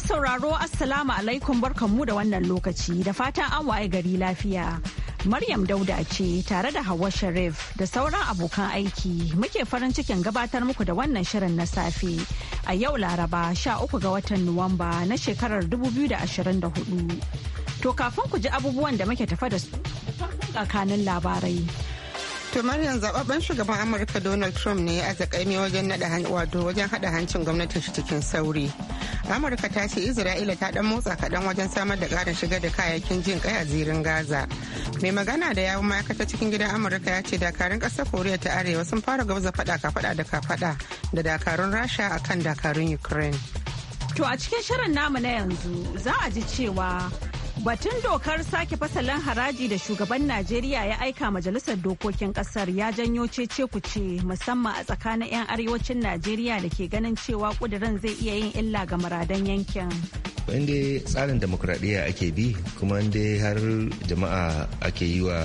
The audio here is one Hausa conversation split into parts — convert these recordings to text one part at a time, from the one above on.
Masu sauraro Assalamu alaikum barkanmu da wannan lokaci da fatan an waye gari lafiya. Maryam Dauda ce tare da Hauwa Sharif da sauran abokan aiki muke farin cikin gabatar muku da wannan shirin na safe a yau Laraba 13 ga watan Nuwamba na shekarar 2024. To kafin ku ji abubuwan da muke tafa da su, kakanin labarai. to maryam zababben shugaban amurka donald trump ne ya azakami wajen nada wato wajen hada hancin gwamnatin shi cikin sauri amurka ta ce isra'ila ta dan motsa kaɗan wajen samar da ƙarin shiga da kayayyakin jin kai a zirin gaza mai magana da yawun ma'aikata cikin gidan amurka ya ce dakarun ƙasar koriya ta arewa sun fara gabza faɗa kafaɗa da ka kafaɗa da dakarun rasha akan dakarun ukraine to a cikin shirin namu na yanzu za a ji cewa Batun dokar sake fasalin haraji da shugaban Najeriya ya aika majalisar dokokin kasar ya janyo cece kuce musamman a tsakanin 'yan arewacin Najeriya da ke ganin cewa kudirin zai iya yin illa ga muradan yankin. inda tsarin demokuraɗiyya ake bi kuma inda har jama'a ake yi wa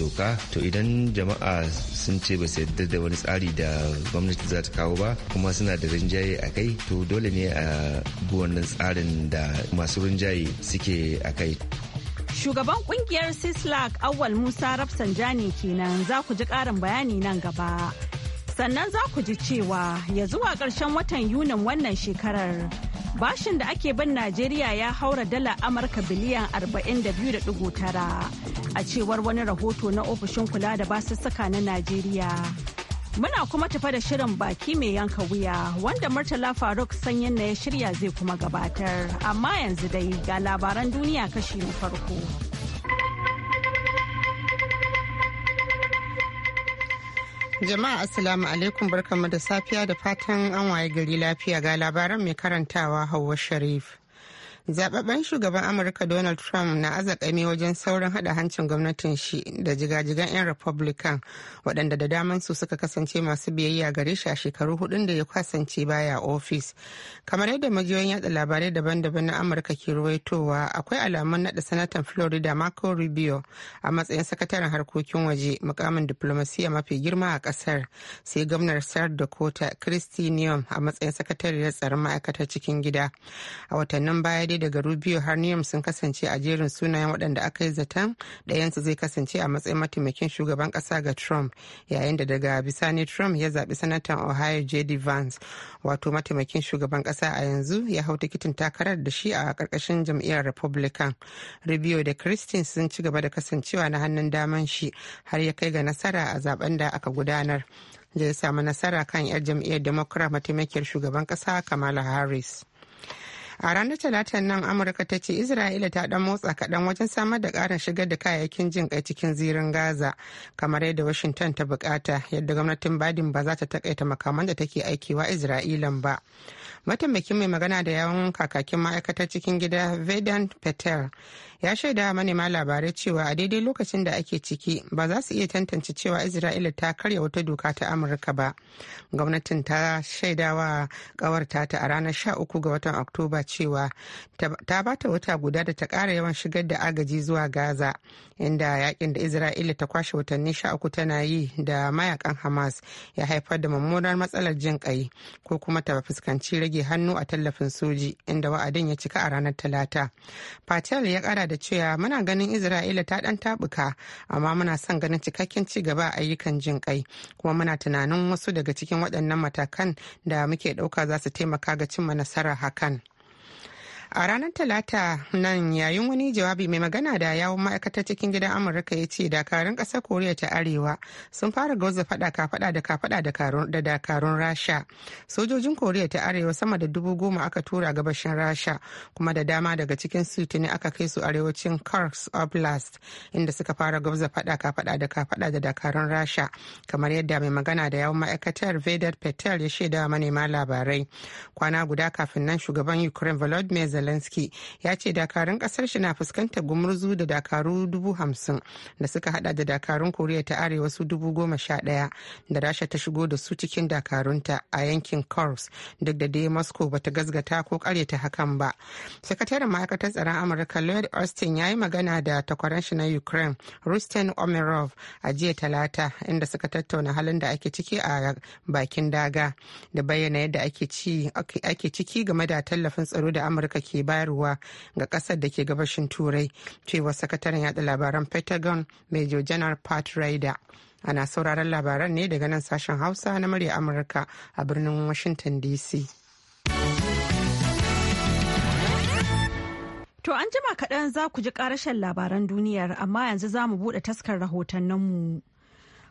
doka to idan jama'a sun ce ba su yadda da wani tsari da gwamnati za ta kawo ba kuma suna da rinjaye a kai to dole ne a bi wannan tsarin da masu rinjaye suke a kai Shugaban kungiyar Sislak Awal Musa Rafsanjani kenan za ku ji ƙarin bayani nan gaba. Sannan za ku ji cewa ya zuwa ƙarshen watan Yunin wannan shekarar. Bashin da ake bin Najeriya ya haura dala Amurka biliyan 42.9 a cewar wani rahoto na ofishin kula da basussuka na Najeriya. Muna kuma tafa da shirin baki mai yanka wuya wanda Murtala Faruk sanyin na ya shirya zai kuma gabatar. Amma yanzu dai ga labaran duniya kashi na farko. Jama'a Assalamu alaikum barkanmu da safiya da fatan an waye gari lafiya ga labaran mai karantawa Hauwa Sharif. zababben shugaban amurka donald trump na azakami wajen saurin hada hancin gwamnatin shi da jigajigan 'yan republican waɗanda da daman su suka kasance masu biyayya gare shi a shekaru hudun da ya kasance baya ofis kamar yadda majiyoyin yatsa labarai daban-daban na amurka ke ruwaitowa akwai alamun nada sanatan florida marco rubio a matsayin sakataren harkokin waje mukamin diplomasiya mafi girma a kasar sai gwamnar south dakota christy a matsayin sakatariyar tsaron ma'aikatar cikin gida a watannin baya dai daga rubio harnium sun kasance a jerin sunayen waɗanda aka yi zaton ɗayansu zai kasance a matsayin mataimakin shugaban ƙasa ga trump yayin da daga bisani trump ya zaɓi sanatan ohio j.d. vance wato mataimakin shugaban ƙasa a yanzu ya hau tikitin takarar da shi a ƙarƙashin jam'iyyar republican rubio da christine sun ci gaba da kasancewa na hannun daman shi har ya kai ga nasara a zaben da aka gudanar zai samu nasara kan 'yar jam'iyyar democrat mataimakiyar shugaban ƙasa kamala harris a ranar talatan nan amurka ta ce isra'ila ta dan motsa kaɗan wajen samar da ƙarin shigar da kayayyakin jin kai cikin zirin gaza kamar yadda washington ta bukata yadda gwamnatin badin ba za ta takaita makaman da take aikewa isra'ilan ba mataimakin mai magana da yawan kakakin ma'aikatar cikin gida vedan patel ya shaida manema labarai cewa a daidai lokacin da ake ciki ba za su iya tantance cewa isra'ila ta karya wata doka ta amurka ba gwamnatin ta shaidawa kawarta ta a ranar 13 ga watan oktoba cewa ta bata wata guda da ta kara yawan shigar da agaji zuwa gaza inda yakin da isra'ila ta kwashe watanni sha uku tana yi da mayakan hamas ya haifar da mummunar matsalar jin kai ko kuma ta fuskanci rage hannu a tallafin soji inda wa'adin ya cika a ranar talata patel ya kara da cewa muna ganin isra'ila ta dan tabuka amma muna son ganin cikakken ci gaba a ayyukan jin kai kuma muna tunanin wasu daga cikin waɗannan matakan da muke ɗauka za su taimaka ga cimma nasarar hakan. a ranar talata nan yayin wani jawabi mai magana da yawon ma'aikatar cikin gidan amurka ya ce dakarun ƙasar koriya ta arewa sun fara gauza fada fada da kafada da dakarun rasha sojojin koriya ta arewa sama da dubu goma aka tura gabashin rasha kuma da dama daga cikin su ne aka kai su arewacin Kars oblast inda suka fara gauza fada fada da kafada da dakarun rasha kamar yadda mai magana da yawon ma'aikatar vedar petel ya shaida manema labarai kwana guda kafin nan shugaban ukraine volodymyr zelensky ya ce dakarun kasar shi na fuskantar gumurzu da dakaru dubu hamsin da suka hada da dakarun koriya ta arewa su dubu goma sha daya da rasha ta shigo da su cikin dakarunta a yankin kors duk da dai moscow bata gasgata ko ta hakan ba sakataren ma'aikatar tsaron amurka lloyd austin ya yi magana da takwaran shi na ukraine rustin omerov a jiya talata inda suka tattauna halin da ake ciki a bakin daga da bayyana yadda ake ciki game da tallafin tsaro da amurka ke bayarwa ga kasar da ke gabashin turai cewa sakataren yada labaran pentagon major general pat ryder ana sauraron labaran ne daga nan sashen hausa na murya amurka a birnin washington dc To an jima kaɗan za ku ji ƙarashen labaran duniyar amma yanzu za mu buɗe taskar rahotanninmu. mu.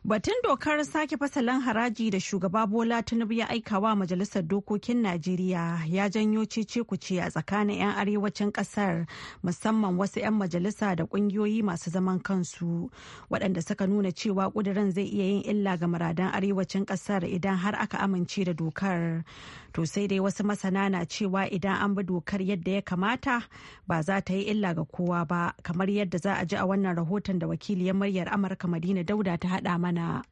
Batun dokar sake fasalin haraji da shugaba Bola Tinubu ya aika wa Majalisar Dokokin Najeriya ya janyo cece-kuce a tsakanin 'yan arewacin kasar musamman wasu 'yan majalisa da kungiyoyi masu zaman kansu waɗanda suka nuna cewa ƙudurin zai iya yin illa ga muradan arewacin kasar idan har aka amince da dokar. To sai dai wasu masana na cewa idan an bi dokar yadda ya kamata ba za ta yi illa ga kowa ba kamar yadda za a ji a wannan rahoton da wakiliyar muryar Amurka Madina Dauda ta haɗa mana.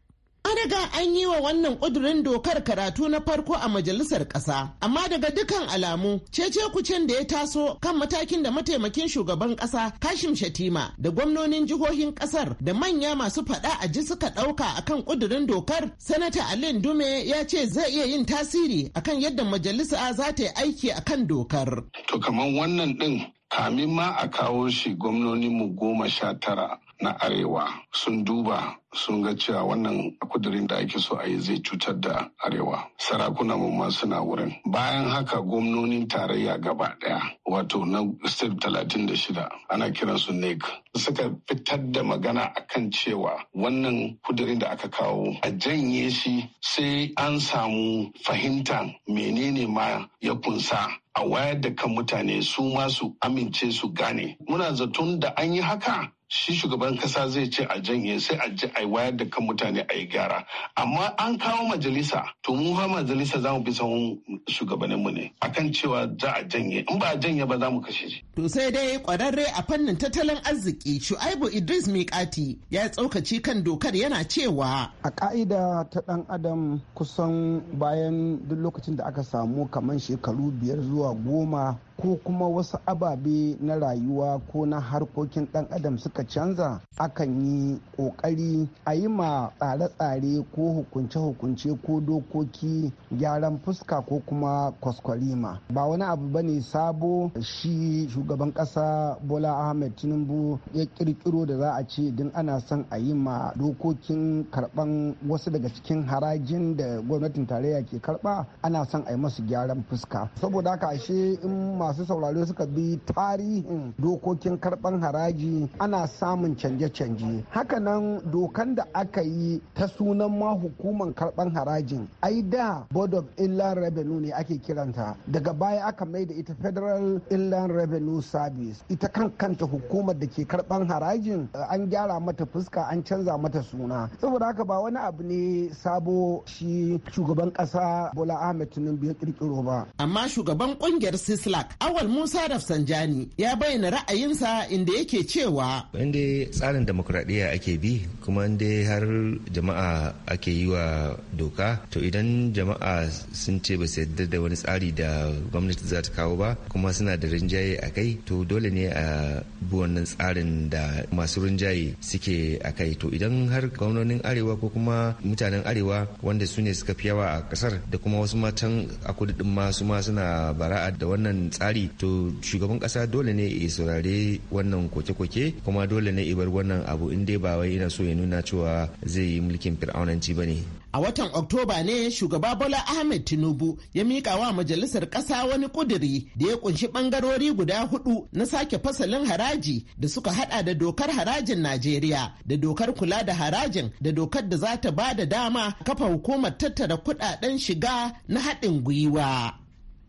An riga an yi wa wannan ƙudurin dokar karatu na farko a majalisar ƙasa, amma daga dukan alamu cece kucen da ya taso kan matakin da mataimakin shugaban ƙasa Kashim Shatima da gwamnonin jihohin ƙasar da manya masu faɗa a ji suka ɗauka a kan ƙudurin dokar, Sanata Alin Dume ya ce zai iya yin tasiri a kan yadda majalisa za ta yi aiki a kan dokar. To kamar wannan ɗin kamin ma a kawo shi mu goma sha tara na arewa sun duba sun ga cewa wannan kudirin da ake so a yi zai cutar da arewa sarakuna mu ma suna wurin bayan haka gwamnonin tarayya gaba daya wato na state talatin da shida ana kiran su nek suka fitar da magana akan cewa wannan kudirin da aka kawo a janye shi sai an samu fahimta menene ma ya kunsa a wayar da kan mutane su ma su amince su gane muna zaton da an yi haka shi shugaban kasa zai ce a janye sai a ji a wayar da kan mutane a yi gyara amma an kawo majalisa to mu fa majalisa za mu bi sahun shugabanninmu ne akan cewa za a janye in ba a janye ba za mu kashe shi. to sai dai kwararre a fannin tattalin arziki shu'aibu idris mikati ya tsaukaci kan dokar yana cewa a ka'ida ta dan adam kusan bayan duk lokacin da aka samu kamar shekaru biyar zuwa goma ko kuma wasu ababe na rayuwa ko na harkokin ɗan adam suka canza akan yi ƙoƙari a yi ma tsare-tsare ko hukunce-hukunce ko dokoki gyaran fuska ko kuma kwaskwarima ba wani abu ba ne sabo shi shugaban ƙasa bola ahmed tinubu ya ƙirƙiro da za a ce din ana son a yi ma dokokin karɓan wasu daga cikin harajin da gwamnatin tarayya ke karɓa ana son a yi masu gyaran fuska saboda haka ashe in masu masu sauraro suka bi tarihin dokokin karban haraji ana samun canje-canje hakanan dokan da aka yi ta sunan ma hukuman karban harajin ai da board of inland revenue ne ake kiranta daga baya aka mai da ita federal inland revenue service ita kan kanta hukumar da ke karban harajin an gyara mata fuska an canza mata suna saboda haka ba wani abu ne sabo shi shugaban kasa bola ahmed tinubu ya kirkiro ba amma shugaban ƙungiyar sislak Awal Musa Rafsanjani ya bayyana ra'ayinsa inda yake cewa. Inda tsarin demokuraɗiyya ake bi kuma inda har jama'a ake yi wa doka to idan jama'a sun ce ba su yarda da wani tsari da gwamnati za ta kawo ba kuma suna da rinjaye a kai to dole ne a bi wannan tsarin da masu rinjaye suke a kai to idan har gwamnonin arewa ko kuma mutanen arewa wanda su ne suka fi yawa a kasar da kuma wasu matan a kudu ma su ma suna bara'a da wannan tsarin tsari to shugaban kasa dole ne ya saurare wannan koke-koke kuma dole ne ya bar wannan abu in dai ba wai yana so ya nuna cewa zai yi mulkin fir'aunanci ba ne. A watan Oktoba ne shugaba Bola Ahmed Tinubu ya miƙa wa majalisar ƙasa wani ƙudiri da ya kunshi ɓangarori guda hudu na sake fasalin haraji da suka hada da dokar harajin Najeriya da dokar kula da harajin da dokar da za ta ba da dama kafa hukumar tattara kudaden shiga na haɗin gwiwa.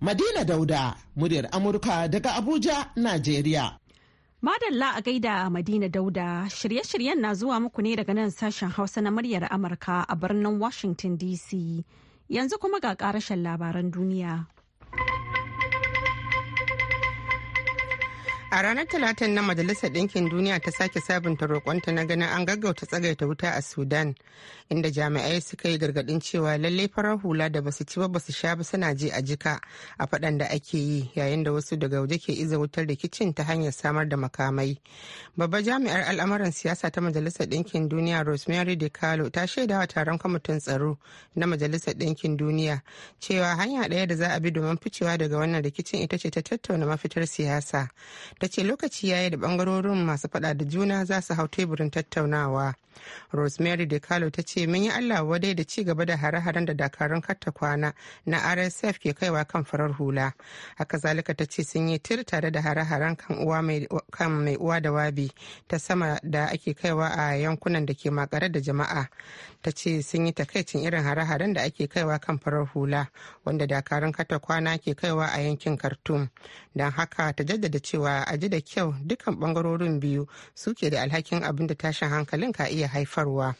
Madina Dauda, muryar Amurka daga Abuja, Najeriya. Madalla a gaida Madina Dauda, shirye-shiryen na zuwa muku ne daga nan sashen Hausa na muryar Amurka a birnin Washington DC. Yanzu kuma ga karashen labaran duniya. A ranar Talatin na Majalisar Ɗinkin Duniya ta sake sabunta roƙonta na ganin an gaggauta tsagaita wuta a Sudan, inda jami'ai suka yi gargaɗin cewa lallai farar hula da basu ci ba basu sha ba suna ji a jika a faɗan da ake yi yayin da wasu daga waje ke iza wutar rikicin ta hanyar samar da makamai. Babbar jami'ar al'amuran siyasa ta Majalisar Ɗinkin Duniya Rosemary de kalo ta shaida wa taron kwamitin tsaro na Majalisar Ɗinkin Duniya cewa hanya ɗaya da za a bi domin ficewa daga wannan rikicin ita ce ta tattauna mafitar siyasa. ta ce lokaci yayi da bangarorin masu fada da juna za su hau teburin tattaunawa rosemary de kalo ta ce mun yi allah wadai da ci gaba da hare-haren da dakarun katta kwana na rsf ke kaiwa kan farar hula haka zalika ta ce sun yi tir tare da hare-haren kan mai uwa da wabi ta sama da ake kaiwa a yankunan da ke makare da jama'a ta ce sun yi takaicin irin hare-haren da ake kaiwa kan farar hula wanda dakarun katta kwana ke kaiwa a yankin khartoum don haka ta jaddada cewa a ji da kyau dukkan bangarorin biyu suke da alhakin abin da tashin hankalin ka iya iya haifarwa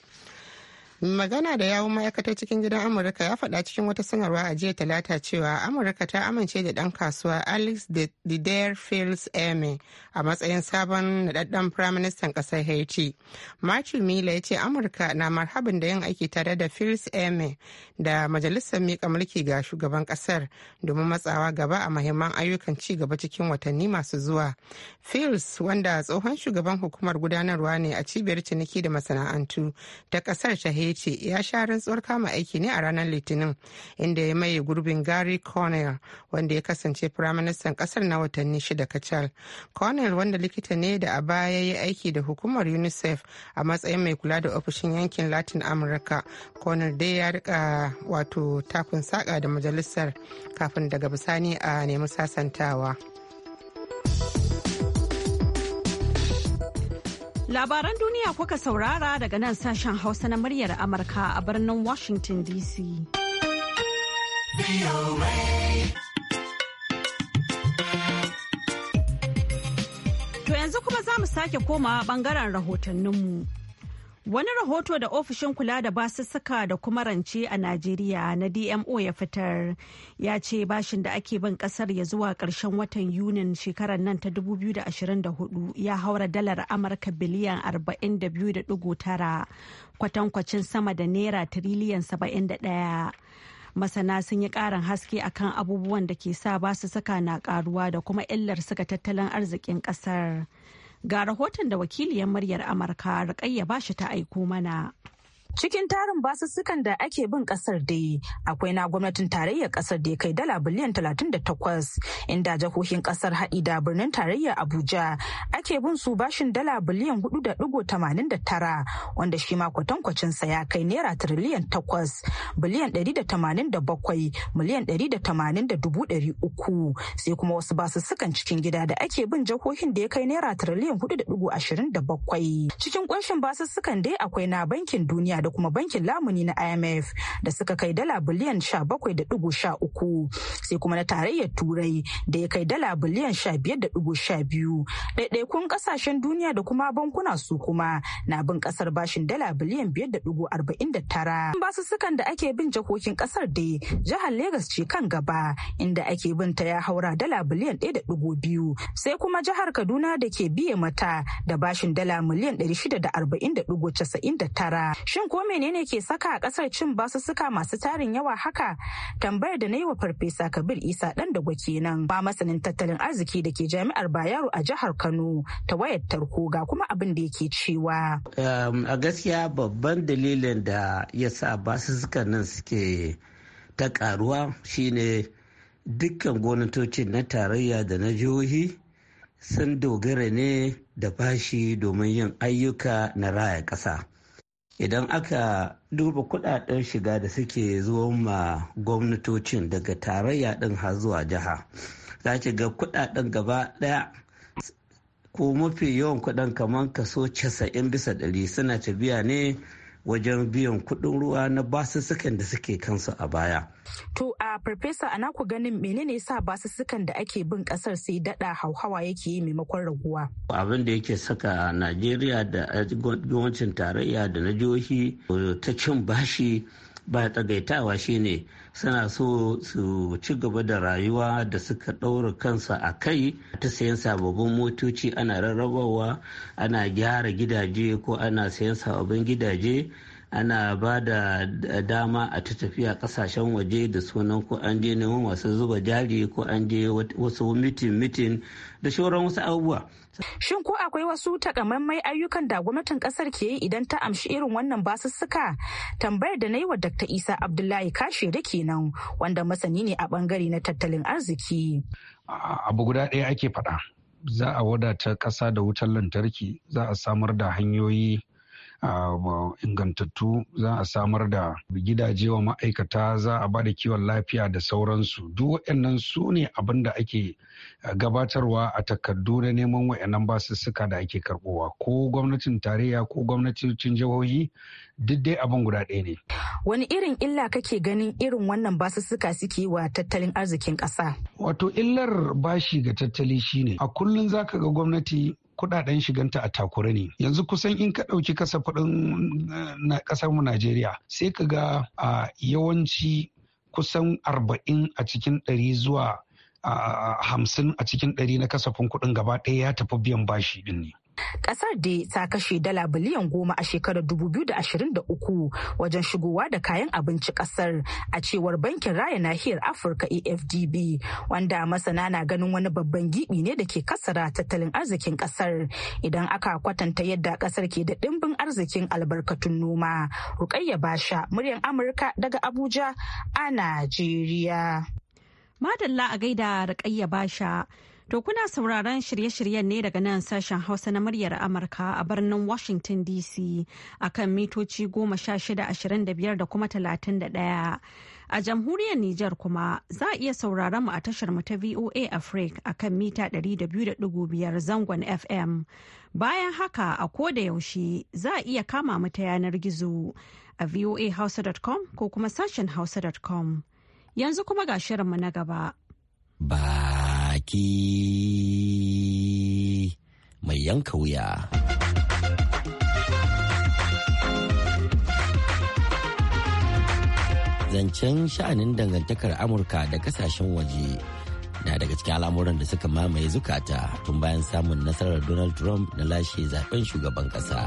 magana da yawun ma'aikatar cikin gidan amurka ya faɗa cikin wata sanarwa a jiya talata cewa amurka ta amince da ɗan kasuwa alex dare fields eme a matsayin sabon naɗaɗɗen firaministan ƙasar haiti matthew mila ya ce amurka na marhabin da yin aiki tare da fields eme da majalisar miƙa mulki ga shugaban ƙasar domin matsawa gaba a mahimman ayyukan ci gaba cikin watanni masu zuwa fields wanda tsohon shugaban hukumar gudanarwa ne a cibiyar ciniki da masana'antu ta ƙasar ta haiti ce ya sha rantsuwar kama aiki ne a ranar litinin inda ya maye gurbin gary cornell wanda ya kasance firaministan kasar na watanni shida kacal cornell wanda likita ne da a baya ya aiki da hukumar unicef a matsayin mai kula da ofishin yankin latin amurka cornell dai ya rika wato takun saka da majalisar kafin daga bisani a nemi sasantawa. Labaran duniya kuka saurara daga nan sashen Hausa na muryar Amurka a birnin Washington DC. To yanzu kuma za mu sake ɓangaren bangaren rahotanninmu. Wani rahoto da ofishin kula da basussuka da kuma rance a Najeriya na DMO ya fitar ya ce bashin da ake bin kasar ya zuwa ƙarshen watan Yunin shekarar nan ta 2024 ya haura dalar Amurka biliyan 42.9 kwatankwacin sama da naira tiriliyan 71. masana sun yi karin haske akan abubuwan da ke sa basu saka na karuwa da kuma illar suka tattalin arzikin kasar. Ga rahoton da wakiliyar muryar Amurka Rukayya bashi ta aiko mana. Cikin tarin basussukan da ake bin kasar dai akwai na gwamnatin tarayyar kasar da ya kai dala biliyan 38 inda jahohin kasar haɗi da birnin tarayyar Abuja ake bin su bashin dala biliyan 4.89 wanda shi ma kwatankwacin sa ya kai naira triliyan 8 biliyan 187 miliyan 180,300 sai kuma wasu basussukan cikin gida da ake bin jahohin da ya kai naira triliyan 4.27 cikin ƙunshin basussukan dai akwai na bankin duniya da kuma bankin lamuni na imf da suka kai dala biliyan 17.13 sai kuma na tarayyar turai da ya kai dala biliyan 15.12 ɗaiɗaikun ƙasashen duniya da kuma bankuna su kuma na bin ƙasar bashin dala biliyan 5.49 arba'in da ake bin jakokin ƙasar dai jihar Legas ce kan gaba inda ake bin ta ya haura dala biliyan biyu, sai kuma jihar Kaduna da ke biye mata da bashin dala miliyan 640.99 shin ko menene ke saka a kasar cin basussuka masu tarin yawa haka tambayar da na yi wa farfesa kabir isa dan da kenan ba masanin tattalin arziki da ke jami'ar bayero a jihar kano ta wayar tarko ga kuma abin da yake cewa ehm, a gaskiya babban dalilin da ya sa basussuka nan suke ta karuwa shine dukkan gwamnatoci na tarayya da na jihohi sun dogara ne da bashi domin yin ayyuka na raya ƙasa idan aka duba kudaden shiga da suke zuwa ma gwamnatocin daga tarayya din har zuwa jiha za ki ga kudaden gaba daya ko mafi yawan kudin kamar kaso 90 bisa ɗari suna tafiya ne wajen biyan kuɗin ruwa na basussukan da suke kansu a baya. To a farfesa ana ku ganin menene sa basussukan da ake bin ƙasar sai daɗa hauhawa yake yi maimakon raguwa. Abin da yake saka Najeriya da eh, gwamnatin tarayya da na jihohi ta cin bashi ba tsagaitawa shine suna so su ci gaba da rayuwa da suka ɗaura kansa a kai ta sayan sababbin motoci ana rarrabawa ana gyara gidaje ko ana sayan sababbin gidaje ana ba da dama a ta tafiya kasashen waje da sunan ko an je neman wasu zuba jari ko an je wasu mitin mitin da shauran wasu abubuwa. Shin ko akwai wasu takamaimai ayyukan da gwamnatin kasar ke yi idan ta amshi irin wannan basussuka? Tambayar da na yi wa Dr. Isa Abdullahi kashe da kenan wanda masani ne a bangare na tattalin arziki. Abu guda ɗaya ake faɗa. Za a wadata ƙasa da wutar lantarki, za a samar da hanyoyi ingantattu za a samar da gidaje wa ma'aikata za a ba da kiwon lafiya da sauransu duk waɗannan su ne abin da ake gabatarwa a takardu na neman waɗannan basussuka da ake karbowa ko gwamnatin tarayya ko gwamnatin jihohi duk dai abin guda ɗaya ne. Wani irin illa kake ganin irin wannan basussuka suke wa tattalin arzikin ƙasa? Wato illar bashi ga tattali shine a kullum zaka ga gwamnati kudaden shiganta a takura ne yanzu kusan in ka ɗauki kasafin eh, na mu najeriya sai ka ga a yawanci kusan arba'in a cikin ɗari zuwa hamsin a cikin ɗari na kasafin kuɗin gaba ɗaya ya tafi biyan bashi ɗin ne Ƙasar dai ta kashe dala biliyan goma a shekarar dubu da da uku wajen shigowa da kayan abinci ƙasar a cewar bankin raya nahiyar Afirka AFDB wanda masana na ganin wani babban gibi ne da ke kasara tattalin arzikin ƙasar idan aka kwatanta yadda ƙasar ke da dimbin arzikin albarkatun noma. Rukayya Basha muryar Amurka daga Abuja a Najeriya. Madalla a gaida Rukayya Basha. To kuna sauraron shirye-shiryen ne daga nan sashen Hausa na muryar Amurka a birnin Washington DC a kan mitoci goma sha shida da biyar da kuma talatin da ɗaya. A jamhuriyar Nijar kuma za a iya sauraron mu a tashar mu ta VOA Africa a kan mita ɗari da biyu da biyar zangon FM. Bayan haka a ko da yaushe za a iya kama mu ta yanar gizo a voahausa.com ko kuma sashen hausa.com. Yanzu kuma ga shirinmu na gaba. Ba. sarki mai yanka wuya. Zancen sha'anin dangantakar Amurka da kasashen waje na daga cikin al'amuran da suka mamaye zukata tun bayan samun nasarar Donald Trump na lashe zaben shugaban ƙasa.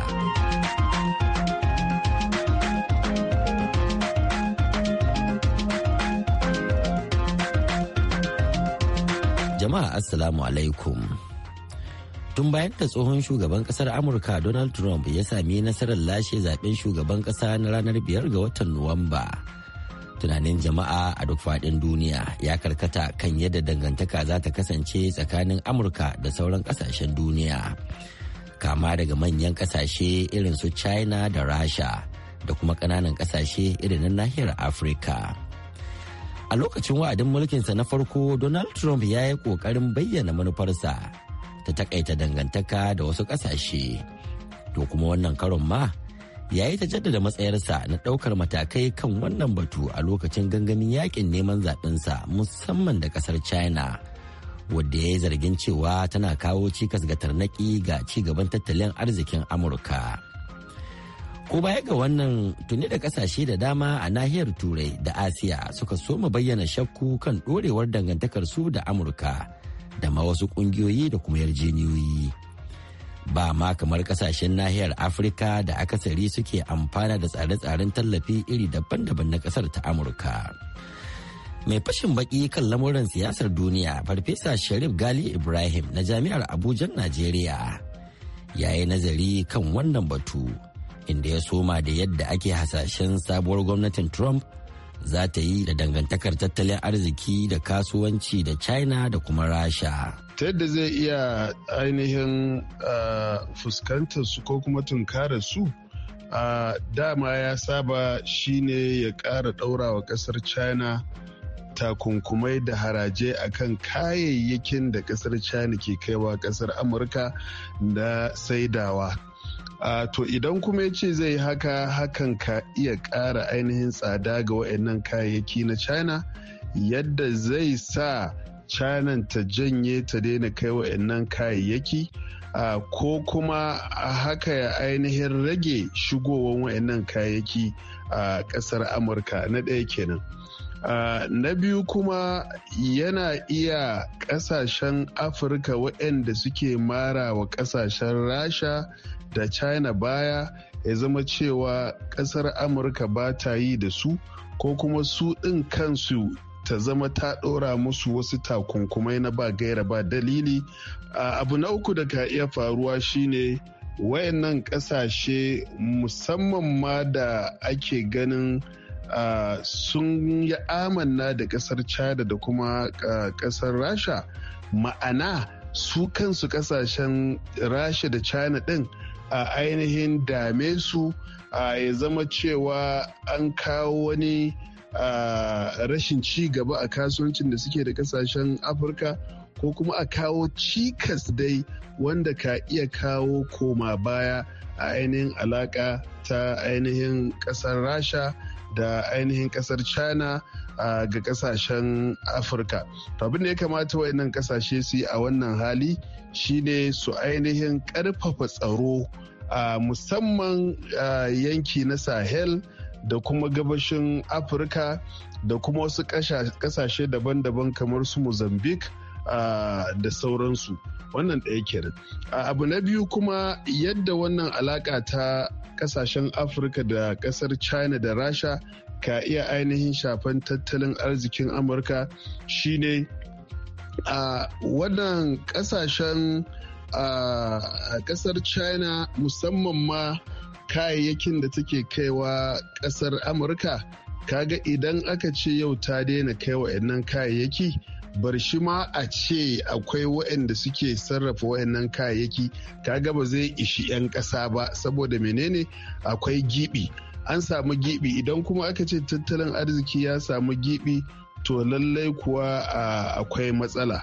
Jama'a Assalamu alaikum. Tun bayan da tsohon shugaban kasar Amurka Donald Trump ya sami nasarar lashe zaben shugaban kasa na ranar biyar ga watan Nuwamba. Tunanin jama'a a duk faɗin duniya ya karkata kan yadda dangantaka za ta kasance tsakanin Amurka da sauran ƙasashen duniya. Kama daga manyan ƙasashe irin su China da Rasha da kuma ƙananan ƙasashe irin na nahiyar Afirka. a lokacin wa'adin mulkinsa na farko donald trump ya yi ƙoƙarin bayyana manufarsa ta takaita dangantaka da wasu ƙasashe to kuma wannan karon ma ya yi ta jaddada matsayarsa na ɗaukar matakai kan wannan batu a lokacin gangamin yakin neman zaɓensa musamman da ƙasar china wadda ya yi zargin cewa tana kawo cikas ga tarnaki ga ci gaban tattalin arzikin amurka Ko baya ga wannan tuni da kasashe da dama a nahiyar Turai da Asiya suka soma bayyana shakku kan ɗorewar dangantakar su da Amurka da ma wasu ƙungiyoyi da kuma yarjeniyoyi. Ba ma kamar kasashen nahiyar Afirka da akasari suke amfana da tsare-tsaren tallafi iri daban-daban na ƙasar ta Amurka. Mai fashin baki kan lamuran siyasar duniya Farfesa Sharif Gali Ibrahim na Jami'ar Abuja, Najeriya. ya yi nazari kan wannan batu inda ya soma da yadda ake hasashen sabuwar gwamnatin Trump za ta yi da dangantakar tattalin arziki da kasuwanci da China da kuma Rasha. Ta yadda zai iya ainihin fuskantar su ko kuma tunkarar su a dama ya saba shine ya ƙara ɗaurawa kasar China takunkumai da haraje akan kayayyakin da kasar china ke kaiwa kasar amurka da saidawa to idan kuma ya ce zai haka hakan ka iya ƙara ainihin tsada ga waɗannan kayayyaki na china yadda zai sa china ta janye ta daina kai waɗannan kayayyaki a ko kuma haka ya ainihin rage shigowar wayannan kayayyaki a ƙasar amurka na ɗaya kenan na biyu kuma yana iya kasashen afirka waɗanda suke mara wa kasashen rasha da china baya ya zama cewa ƙasar amurka ba ta yi da su ko kuma su ɗin kansu ta zama ta ɗora musu wasu takunkumai na ba gaira ba dalili abu na uku da ka iya faruwa shine wayannan ƙasashe musamman ma da ake ganin sun yi amanna da kasar chada da kuma kasar rasha ma'ana su kansu kasashen rasha da china din a ainihin dame su ya zama cewa an kawo wani rashin ci gaba a kasuwancin da suke da kasashen afirka ko kuma a kawo cikas dai wanda ka iya kawo koma baya a ainihin alaka ta ainihin kasar rasha da ainihin kasar china ga kasashen afirka abin da ya kamata wayannan kasashe su yi a wannan hali shine su ainihin karfafa tsaro a musamman yanki na sahel da kuma gabashin afirka da kuma wasu kasashe daban-daban kamar su mozambique da sauransu wannan ɗaya kenan abu na biyu kuma yadda wannan alaƙa ta ƙasashen afirka da ƙasar china da rasha ka iya ainihin shafan tattalin arzikin amurka shine a wannan ƙasashen a ƙasar china musamman ma kayayyakin da take kaiwa ƙasar amurka kaga idan aka ce yau ta daina kaiwa wa kayayyaki bar shi ma a ce akwai waɗanda suke sarrafa waɗannan kayayyaki ta gaba zai ishi 'yan ƙasa ba saboda menene akwai gibi an samu gibi idan kuma aka ce tattalin arziki ya samu gibi to lallai kuwa akwai matsala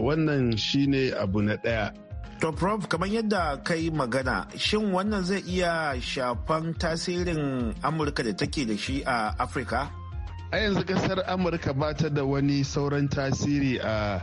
wannan shine abu na ɗaya To Prof, kamar yadda ka yi magana, shin wannan zai iya shafan tasirin Amurka da take da shi a Afirka? a yanzu kasar amurka ba ta da wani sauran tasiri a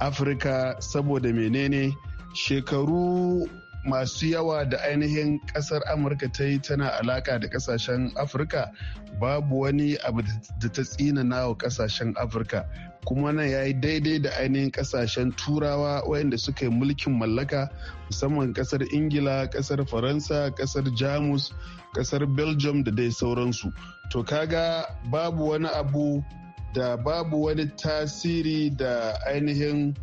afirka saboda menene shekaru masu yawa da ainihin kasar amurka ta yi tana alaka da kasashen afirka babu wani abu da ta tsina nawa kasashen afirka kuma nan ya yi daidai da ainihin kasashen turawa wayanda suka yi mulkin mallaka musamman kasar ingila kasar faransa kasar jamus kasar belgium da dai sauransu to kaga babu wani abu da babu wani tasiri da ainihin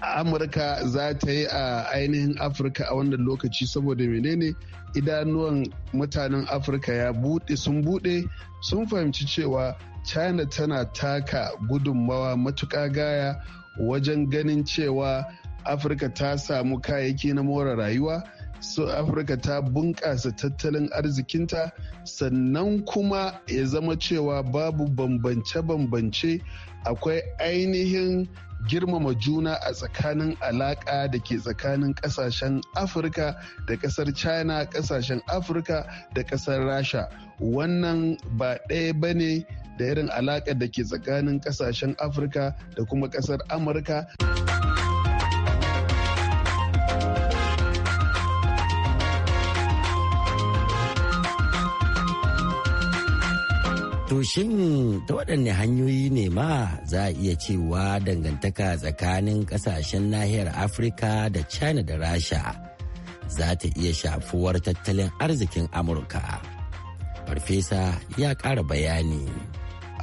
amurka za ta yi a ainihin afirka a wannan lokaci saboda menene idanuwan mutanen afirka ya bude sun bude sun fahimci cewa china tana taka gudunmawa matuka gaya wajen ganin cewa afirka ta samu kayayyaki na more rayuwa so afirka ta bunƙasa tattalin arzikinta sannan kuma ya zama cewa babu bambance-bambance akwai ainihin girmama juna a tsakanin alaƙa da ke tsakanin ƙasashen afirka da ƙasar china ƙasashen afirka da ƙasar rasha wannan ba ɗaya ba ne da irin alaƙa da ke tsakanin ƙasashen afirka da kuma ƙasar amurka. To shin ta waɗanne hanyoyi ne ma za a iya cewa dangantaka tsakanin ƙasashen nahiyar Afirka da China da Rasha za ta iya shafuwar tattalin arzikin Amurka? Farfesa ya ƙara bayani.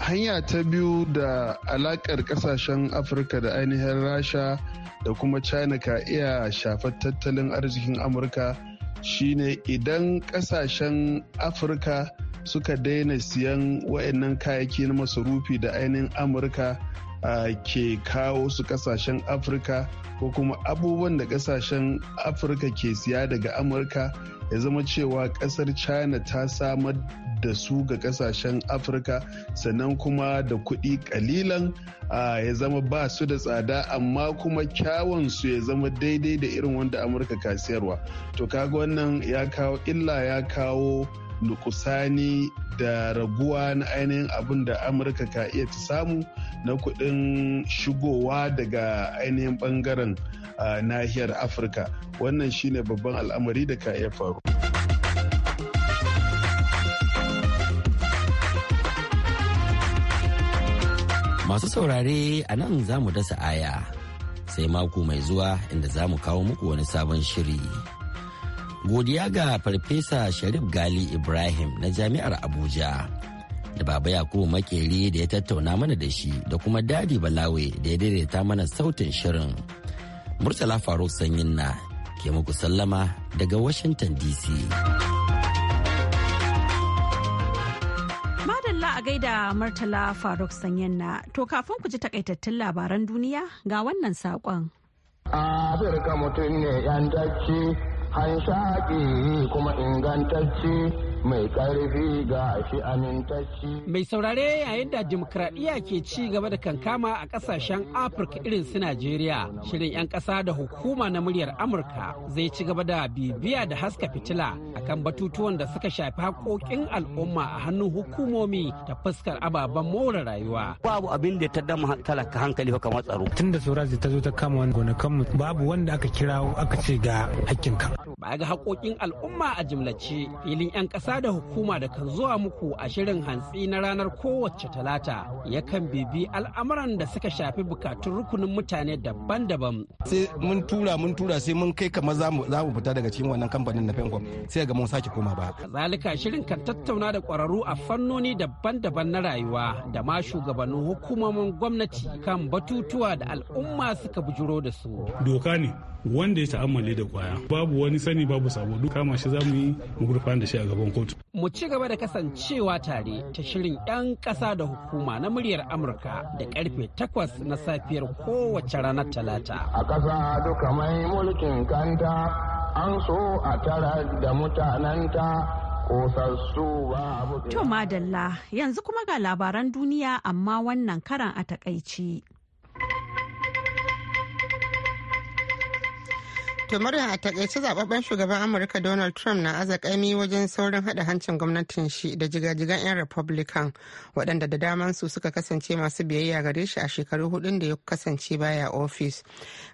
Hanya ta biyu da alaƙar ƙasashen Afirka da ainihin Rasha da kuma China ka iya shafar tattalin arzikin Amurka shine idan ƙasashen Afirka suka daina siyan wa'annan kayayyaki na masarufi da ainihin amurka ke kawo su kasashen afirka ko kuma abubuwan da kasashen afirka ke siya daga amurka ya zama cewa kasar china ta samar da su ga kasashen afirka sannan kuma da kuɗi kalilan ya zama ba su da tsada amma kuma kyawun su ya zama daidai da irin wanda amurka ka siyarwa to kaga wannan ya kawo illa ya kawo nukusani da raguwa na ainihin abin da amurka ka iya ta samu na kuɗin shigowa daga ainihin ɓangaren nahiyar afirka wannan shine babban al'amari da ka iya faru. Masu saurare a nan za mu dasa aya sai mako mai zuwa inda za mu kawo muku wani sabon shiri. godiya ga farfesa sharif gali ibrahim na jami'ar abuja da baba yakubu makeri da ya tattauna mana da shi da kuma dadi balawe da ya daidaita mana sautin shirin murtala faruk sanyin na ke muku sallama daga washington dc madalla a gaida murtala faruk sanyin na to kafin ku ji takaitattun labaran duniya ga wannan saƙon ah, afirka mutum ne 'yan hanshaƙi kuma ingantacce mai ƙarfi ga shi amintacci. Mai saurare yayin da dimokuraɗiyya ke ci gaba da kankama a ƙasashen Afirka irin su Najeriya, shirin 'yan ƙasa da hukuma na muryar Amurka zai ci gaba da bibiya da haska fitila akan batutuwan da suka shafi haƙoƙin al'umma a hannun hukumomi ta fuskar ababen more rayuwa. Babu abin da ta dama talaka hankali ko kamar tsaro. Tun da Soraji ta zo ta kama wani gonakanmu babu wanda aka kirawo aka ce ga hakkinka. Ba ga haƙoƙin al'umma a jimlace filin 'yan ƙasa ƙasa da hukuma da kan zuwa muku a shirin hantsi na ranar kowace talata yakan bibi al'amuran da suka shafi bukatun rukunin mutane daban-daban. Sai mun tura mun tura sai mun kai kamar za mu fita daga cikin wannan kamfanin na Fenkom sai ga mun sake koma ba. Zalika shirin kan tattauna da ƙwararru a fannoni daban-daban na rayuwa da ma shugabannin hukumomin gwamnati kan batutuwa da al'umma suka bujuro da su. Doka ne wanda ya ta'ammali da kwaya babu wani sani babu sabo duk kama shi za mu yi mu gurfan da shi a gaban kotu. Mu ci gaba da kasancewa tare ta shirin 'yan ƙasa da hukuma na muryar Amurka da ƙarfe takwas na safiyar kowace ranar Talata. A ƙasa duka mai mulkin kanta an so a tara da mutananta kosassu ba abu. To madalla yanzu kuma ga labaran duniya amma wannan karan a takaici. To murya a takaice zababben shugaban Amurka Donald Trump na aza azakami wajen saurin hada hancin gwamnatin shi da jigajigan 'yan Republican waɗanda da daman su suka kasance masu biyayya gare shi a shekaru hudun da ya kasance baya ofis.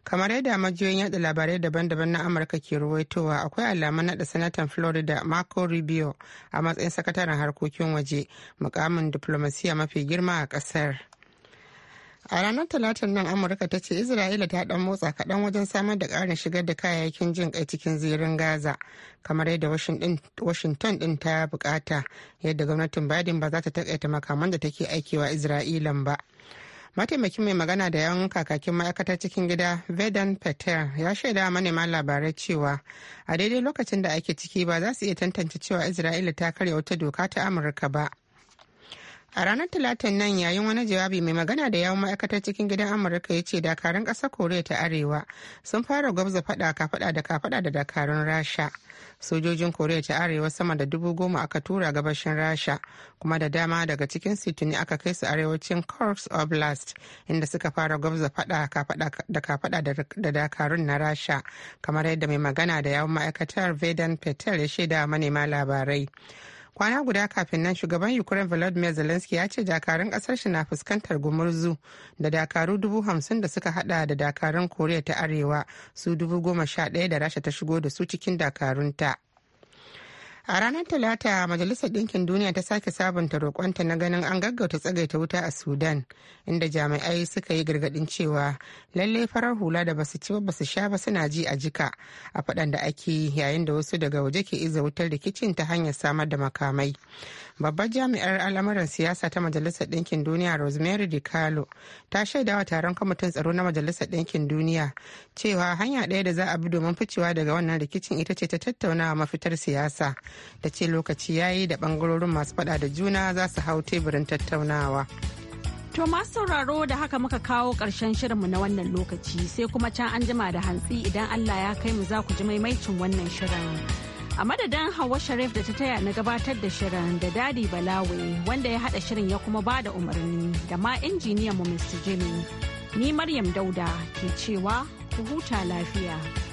Kamar yadda majiyoyin yada labarai daban-daban na Amurka ke ruwaitowa akwai alamun naɗa sanatan Florida Marco Rubio a matsayin sakataren harkokin waje mukamin diplomasiya mafi girma a ƙasar. a ranar talatin nan amurka ta ce isra'ila ta dan motsa kaɗan wajen samar da karin shigar da kayayyakin jin kai cikin zirin gaza kamar yadda washington din ta bukata yadda gwamnatin biden ba za ta takaita makaman da take aikewa isra'ilan ba mataimakin mai magana da yawan kakakin ma'aikatar cikin gida vedan peter ya shaida manema labarai cewa a daidai lokacin da ake ciki ba za su iya tantance cewa isra'ila ta karya wata doka ta amurka ba a ranar talatin nan yayin wani jawabi mai magana da yawon ma'aikatar cikin gidan amurka ya ce dakarun ƙasar koriya ta arewa sun fara gwabza fada kafada da kafada da dakarun rasha sojojin koriya ta arewa sama da dubu goma aka tura gabashin rasha kuma da dama daga cikin situni aka kai su arewacin corks oblast inda suka fara gwabza fada da kafada da dakarun na rasha kamar yadda mai magana da yawon ma'aikatar vedan petel ya shaida manema labarai kwana guda kafin nan shugaban ukraine volodymyr zelensky ya ce dakarun kasar shi na fuskantar gumurzu da dakaru dubu hamsin da suka hada da dakarun koriya ta arewa su dubu goma sha ɗaya da rasha ta shigo da su cikin dakarunta A ranar Talata, Majalisar Ɗinkin Duniya ta sake sabunta roƙonta na ganin an gaggauta tsagaita wuta a Sudan, inda jami'ai suka yi gargaɗin cewa lalle farar hula da basu ci basu sha ba suna ji a jika a faɗan da ake yayin da wasu daga waje ke iza wutar rikicin ta hanyar samar da makamai. babbar jami'ar al'amuran siyasa ta majalisar ɗinkin duniya rosemary dicarlo ta shaidawa taron kwamitin tsaro na majalisar ɗinkin duniya cewa hanya ɗaya da za a bi domin ficewa daga wannan rikicin ita ce ta tattaunawa mafitar siyasa da ce lokaci ya yi da ɓangarorin masu faɗa da juna za su hau teburin tattaunawa. To masu sauraro da haka muka kawo ƙarshen shirinmu na wannan lokaci sai kuma can an jima da hantsi idan Allah ya kai mu za ku ji maimaicin wannan shirin. A madadin Hawa Sharif da ta taya na gabatar da shirin da Dadi Balawe wanda ya haɗa shirin ya kuma bada umarni da ma injiniyan mu Mr. Jimmy. Ni Maryam Dauda ke cewa ku huta lafiya.